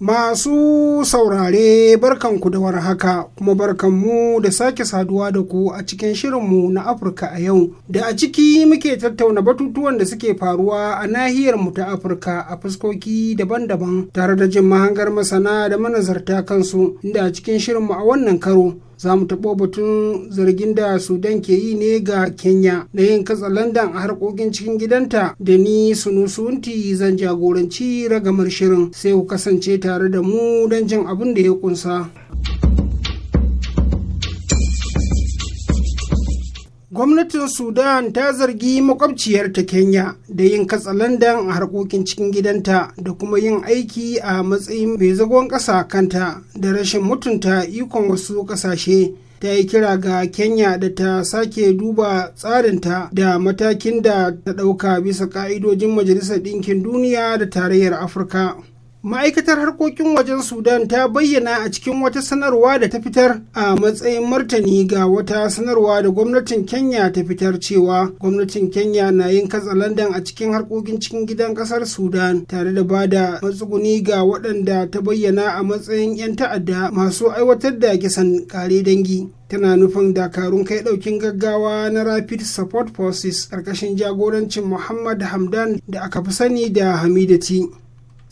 Masu saurare barkan ku da warhaka kuma barkanmu da sake saduwa da ku a cikin shirinmu na Afirka a yau da a ciki muke tattauna batutuwan da suke faruwa a nahiyar mu ta Afirka a fuskoki daban-daban tare da jin mahangar masana da manazarta kansu inda a cikin shirinmu a wannan karo za mu taɓo batun zargin da sudan ke yi ne ga kenya na yin katsa katsalandan a harkokin cikin gidanta da ni sunusunti zan jagoranci ragamar shirin sai ku kasance tare da mu don jin abin da ya kunsa. gwamnatin sudan ta zargi makwabciyar kenya da yin katsalandan a harkokin cikin gidanta da kuma yin aiki a matsayin mai zagon ƙasa kanta da rashin mutunta ikon wasu ƙasashe ta yi kira ga kenya da ta sake duba tsarinta da matakin da ta ɗauka bisa ƙa'idojin majalisar ɗinkin duniya da tarayyar afirka ma'aikatar harkokin wajen sudan ta bayyana a cikin wata sanarwa da ta fitar a matsayin martani ga wata sanarwa da gwamnatin kenya ta fitar cewa gwamnatin kenya na yin katsalandan a cikin harkokin cikin gidan kasar sudan tare da ba da matsuguni ga waɗanda ta bayyana a matsayin 'yan ta'adda masu aiwatar da kisan kare dangi tana nufin dakarun kai daukin gaggawa na rapid support forces ƙarƙashin jagorancin muhammad hamdan da aka fi sani da hamidati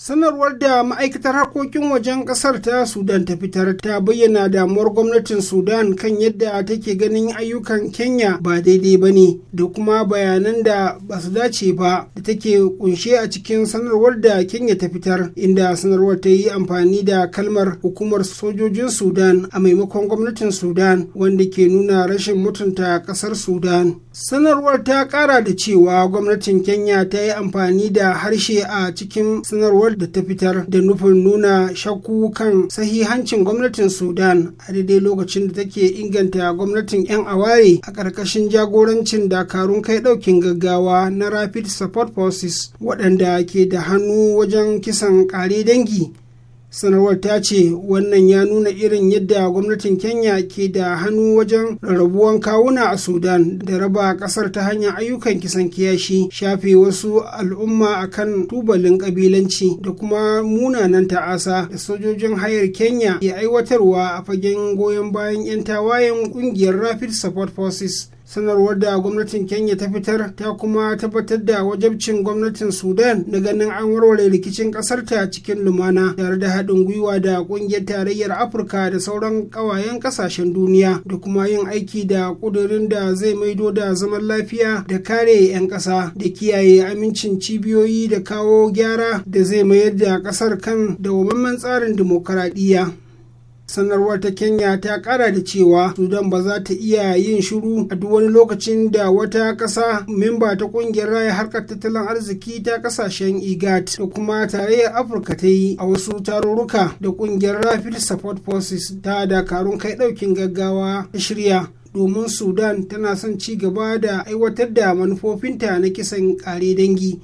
sanarwar da ma'aikatar harkokin wajen kasar ta sudan ta fitar ta bayyana damuwar gwamnatin sudan kan yadda take ganin ayyukan kenya ba daidai ba ne da kuma bayanan da ba su dace ba da take kunshe a cikin sanarwar da kenya ta fitar inda sanarwar ta yi amfani da kalmar hukumar sojojin sudan a maimakon gwamnatin sudan wanda ke nuna rashin mutunta kasar sudan sanarwar ta kara da cewa gwamnatin kenya ta yi amfani da harshe a cikin sanarwar da ta fitar da nufin nuna shakku kan sahihancin gwamnatin sudan a daidai lokacin da take inganta gwamnatin 'yan aware a ƙarƙashin jagorancin dakarun kai ɗaukin gaggawa na rapid support forces waɗanda ke da hannu wajen kisan ƙare dangi sanarwar ta ce wannan ya nuna irin yadda gwamnatin kenya ke da hannu wajen rarrabuwan kawuna a sudan da raba kasar ta hanyar ayyukan kisan kiyashi shafe wasu al'umma akan tubalin kabilanci da kuma munanan ta'asa da sojojin hayar kenya ke aiwatarwa a fagen goyon bayan 'yan tawayen kungiyar rapid support forces sanarwar da gwamnatin kenya ta fitar ta kuma tabbatar da wajabcin gwamnatin sudan na ganin an warware rikicin ƙasarta cikin lumana tare da haɗin gwiwa da ƙungiyar tarayyar afirka da sauran ƙawayen ƙasashen duniya da kuma yin aiki da ƙudurin da zai maido da zaman lafiya da kare 'yan ƙasa da kiyaye amincin cibiyoyi da kawo gyara da zai mayar da ƙasar kan dawwammamen tsarin dimokuraɗiyya sanarwar ta kenya ta kara da cewa sudan ba za ta iya yin shiru a duk wani lokacin da wata kasa memba ta kungiyar raya harkar tattalin arziki ta kasashen igat da kuma tarayyar afirka ta yi a wasu tarurruka da kungiyar rapid support forces ta dakarun kai daukin gaggawa ta shirya domin sudan tana son ci gaba da aiwatar da manufofinta na kisan kare dangi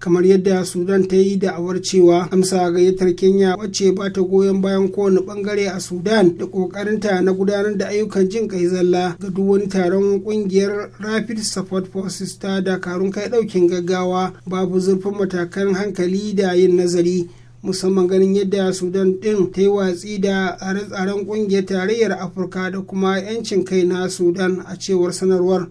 kamar yadda sudan ta yi da'awar cewa amsa gayyatar kenya wacce ba ta goyon bayan kowane bangare a sudan da kokarinta na gudanar da ayyukan jin kai zalla ga duk wani taron kungiyar rapid support forces ta dakarun kai daukin gaggawa babu zurfin matakan hankali da yin nazari musamman ganin yadda sudan din ta yi watsi da tsare-tsaren kungiyar tarayyar afirka da kuma 'yancin kai na sudan a cewar sanarwar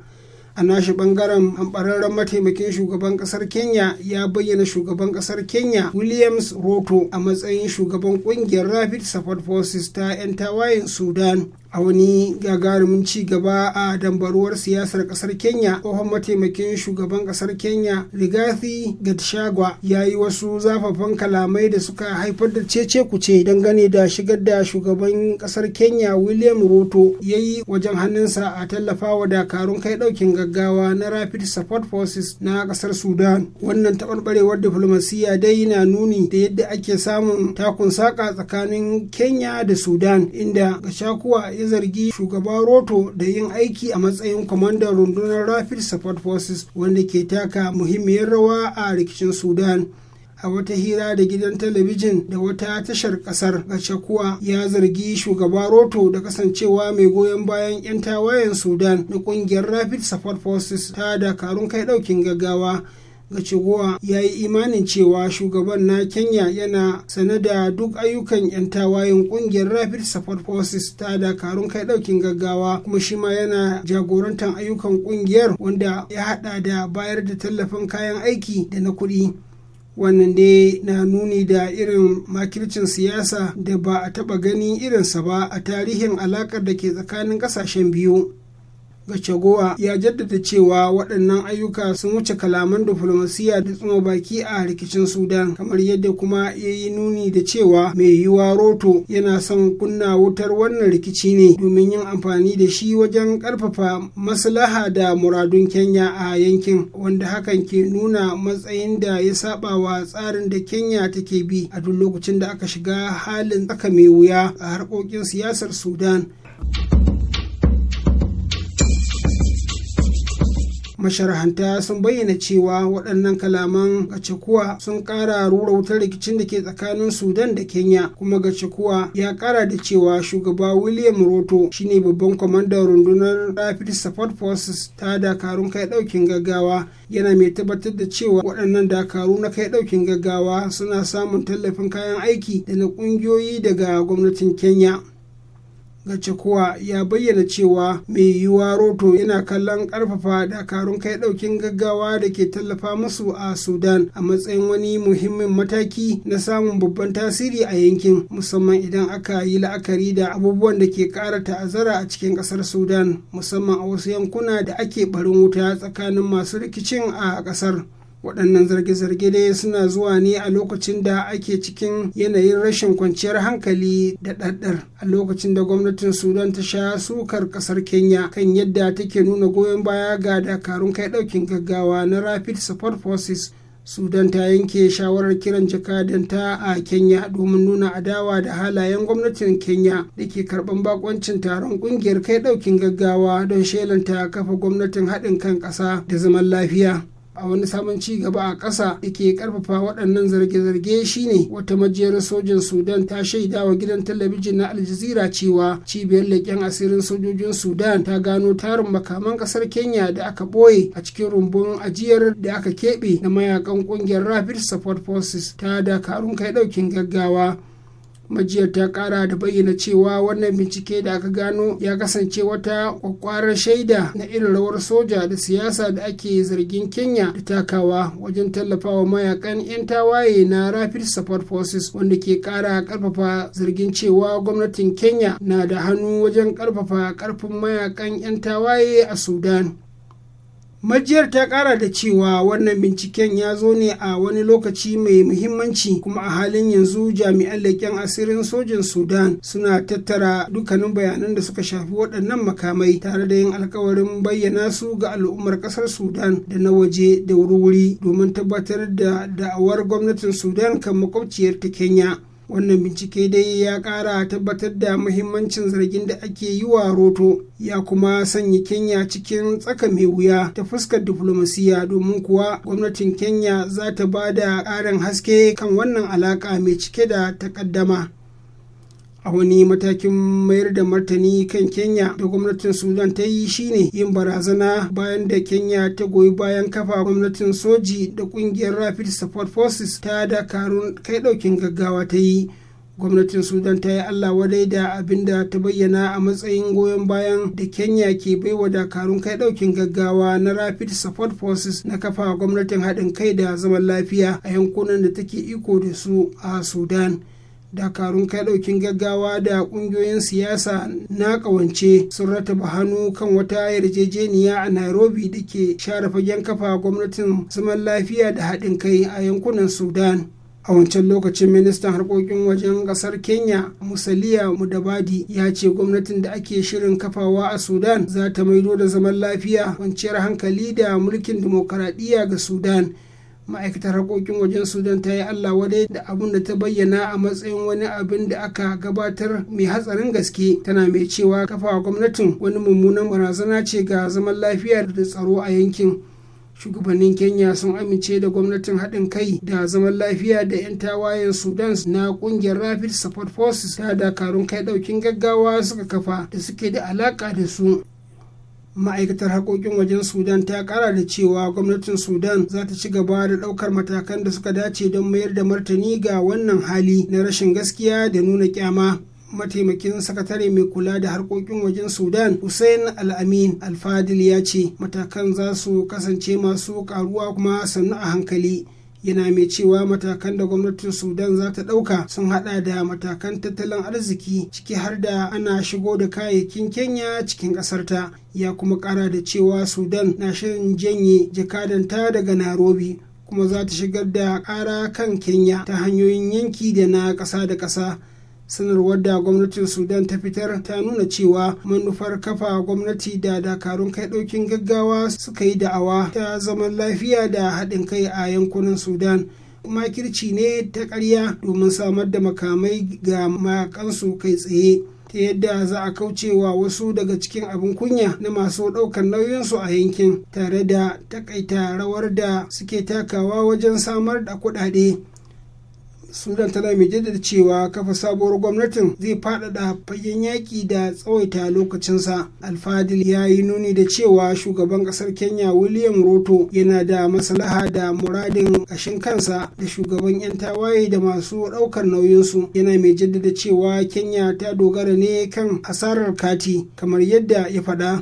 a nashi bangaren hambararren mataimakin shugaban kasar kenya ya bayyana shugaban kasar kenya williams roto a matsayin shugaban kungiyar rapid support forces ta 'yan tawayen sudan a wani gagarumin ci gaba a dambaruwar siyasar kasar kenya tsohon mataimakin shugaban kasar kenya rigathi Gatshagwa, ya yi wasu zafafan kalamai da suka haifar da cece kuce dangane da shigar da shugaban kasar kenya william ruto ya yi wajen hannunsa a tallafawa dakarun kai daukin gaggawa na rapid support forces na kasar sudan wannan taɓarɓarewar diflomasiyya dai na nuni da yadda ake samun takun saƙa tsakanin kenya da sudan inda gashakuwa ya zargi shugaba roto da yin aiki a matsayin kwamandan rundunar rapid support forces wanda ke taka muhimmiyar rawa a rikicin sudan a wata hira da gidan talabijin da wata tashar kasar Gachakuwa ya zargi shugaba Roto da kasancewa mai goyon bayan 'yan tawayen Sudan na kungiyar Rapid Support Forces ta dakarun kai daukin gaggawa Gachigowa ya yi imanin cewa shugaban na Kenya yana sane da duk ayyukan 'yan tawayen kungiyar Rapid Support Forces ta dakarun kai daukin gaggawa kuma shi ma yana jagorantar ayyukan kungiyar wanda ya hada da bayar da tallafin kayan aiki da na kuɗi. wannan dai na nuni da irin makircin siyasa da ba a taɓa ganin irinsa ba a tarihin alaƙar da ke tsakanin ƙasashen biyu Gachagowa ya jaddada cewa waɗannan ayyuka sun wuce kalaman diflomasiyya da tsuma baki a rikicin Sudan kamar yadda kuma ya yi nuni da cewa mai yiwuwa Roto yana son kunna wutar wannan rikici ne domin yin amfani da shi wajen ƙarfafa maslaha da muradun Kenya a yankin wanda hakan ke nuna matsayin da ya saba wa tsarin da Kenya take bi a duk lokacin da aka shiga halin tsaka mai wuya a harkokin siyasar Sudan. masharahanta sun bayyana cewa waɗannan kalaman gacekuwa sun ƙara rura wutar rikicin da ke tsakanin sudan da kenya kuma gacekuwa ya ƙara da cewa shugaba william roto shine babban kwamandan rundunar rapid support forces ta dakarun kai ɗaukin gaggawa yana mai tabbatar da cewa waɗannan dakaru na kai ɗaukin gaggawa suna samun tallafin kayan aiki da na ƙungiyoyi daga gwamnatin kenya kuwa ya bayyana cewa mai yiwuwa Roto yana kallon karfafa dakarun kai daukin gaggawa da ke tallafa musu a Sudan a matsayin wani muhimmin mataki na samun babban tasiri a yankin musamman idan aka yi la'akari da abubuwan da ke kara ta'azzara a cikin kasar Sudan musamman a wasu yankuna da ake barin wuta tsakanin masu rikicin a kasar. waɗannan zarge-zarge dai suna zuwa ne a lokacin da ake cikin yanayin rashin kwanciyar hankali da ɗaɗɗar a lokacin da gwamnatin sudan ta sha sukar ƙasar kenya kan yadda take nuna goyon baya ga dakarun kai ɗaukin gaggawa na rapid support forces sudan ta yanke shawarar kiran jakadanta a kenya domin nuna adawa da halayen gwamnatin kenya da ke karɓar bakoncin taron ƙungiyar kai ɗaukin gaggawa don shelanta kafa gwamnatin haɗin kan ƙasa da zaman lafiya a wani sabon ci gaba a ƙasa da ke ƙarfafa waɗannan zarge-zarge shine wata majiyar sojin sudan ta shaida wa gidan talabijin na aljazira cewa cibiyar leƙen asirin sojojin sudan ta gano tarin makaman ƙasar kenya da aka ɓoye a cikin rumbun ajiyar da aka keɓe na mayakan ƙungiyar rapid support forces ta dakarun kai ɗaukin gaggawa majiyar ta kara da bayyana cewa wannan bincike da aka gano ya kasance wata kwakwarar shaida na irin rawar soja da siyasa da ake zargin kenya da takawa wajen tallafawa mayakan 'yan tawaye na rapid support forces wanda ke kara karfafa zargin cewa gwamnatin kenya na da hannu wajen karfafa karfin mayakan 'yan tawaye a sudan majiyar ta kara da cewa wannan binciken ya zo ne a wani lokaci mai muhimmanci kuma a halin yanzu jami'an leƙen asirin sojin sudan suna tattara dukkanin bayanan da suka shafi waɗannan makamai tare da yin alkawarin bayyana su ga al'ummar ƙasar sudan da na waje da wuri-wuri domin tabbatar da da'awar gwamnatin sudan kan makwabciyar ta kenya wannan bincike dai ya ƙara tabbatar da muhimmancin zargin da ake yi wa roto ya kuma sanya kenya cikin tsaka mai wuya ta fuskar diflomasiya domin kuwa gwamnatin kenya za ta ba da ƙarin haske kan wannan alaƙa mai cike da takaddama a wani matakin mayar da martani kan kenya da gwamnatin sudan ta yi shine yin barazana bayan da kenya ta goyi bayan kafa gwamnatin soji da kungiyar rapid support forces ta dakarun kai daukin gaggawa ta yi gwamnatin sudan ta yi allah wadai da abin da ta bayyana a matsayin goyon bayan da kenya ke baiwa dakarun kai daukin gaggawa na rapid support forces na kafa gwamnatin haɗin kai da zaman lafiya a yankunan da take iko da su a sudan dakarun kai daukin gaggawa da kungiyoyin siyasa na kawance sun rataba hannu kan wata yarjejeniya a nairobi da ke share fagen kafa gwamnatin zaman lafiya da haɗin kai a yankunan sudan a wancan lokacin ministan harkokin wajen ƙasar kenya musaliya mudabadi ya ce gwamnatin da ake shirin kafawa a sudan za ta maido da zaman lafiya kwanciyar hankali da mulkin dimokuraɗiyya ga sudan ma'aikatar harkokin wajen sudan ta yi allah wadai da abin da ta bayyana a matsayin wani abin da aka gabatar mai hatsarin gaske tana mai cewa kafa. gwamnatin wani mummunan barazana ce ga zaman lafiya da tsaro a yankin shugabannin kenya sun amince da gwamnatin haɗin kai da zaman lafiya da 'yan tawayen sudan na ƙungiyar rapid support forces ta dakarun kai ɗaukin gaggawa suka kafa da suke da alaƙa da su ma'aikatar haƙoƙin wajen sudan ta ƙara da cewa gwamnatin sudan za ta ci gaba da ɗaukar matakan da suka dace don mayar da martani ga wannan hali na rashin gaskiya da nuna kyama mataimakin sakatare mai kula da harkokin wajen sudan hussein al-amin alfadil ya ce matakan za su kasance masu ƙaruwa kuma sannu a hankali yana mai cewa matakan da gwamnatin sudan za ta ɗauka sun hada da matakan tattalin arziki ciki har da ana shigo da kayayyakin kenya cikin ƙasarta ya kuma ƙara da cewa sudan na shirin janye jakadanta daga nairobi kuma za ta shigar da ƙara kan kenya ta hanyoyin yanki da na ƙasa da ƙasa sanarwar da gwamnatin sudan ta fitar ta nuna cewa manufar kafa gwamnati da dakarun kai ɗaukin gaggawa suka yi da'awa ta zaman lafiya da haɗin kai a yankunan sudan makirci ne ta karya domin samar da makamai ga makansu kai tsaye ta yadda za a wa wasu daga cikin abin kunya na masu ɗaukar nauyinsu a yankin tare da takaita rawar da suke takawa wajen samar da kuɗaɗe sudan tana mai jaddada cewa kafa sabuwar gwamnatin zai faɗaɗa fagen yaƙi da tsawaita lokacinsa alfadil ya yi nuni da cewa shugaban ƙasar kenya william ruto yana da maslaha da muradin ƙashin kansa da shugaban 'yan tawaye da masu ɗaukar nauyinsu yana mai jaddada cewa kenya ta dogara ne kan hasarar kati kamar yadda ya faɗa.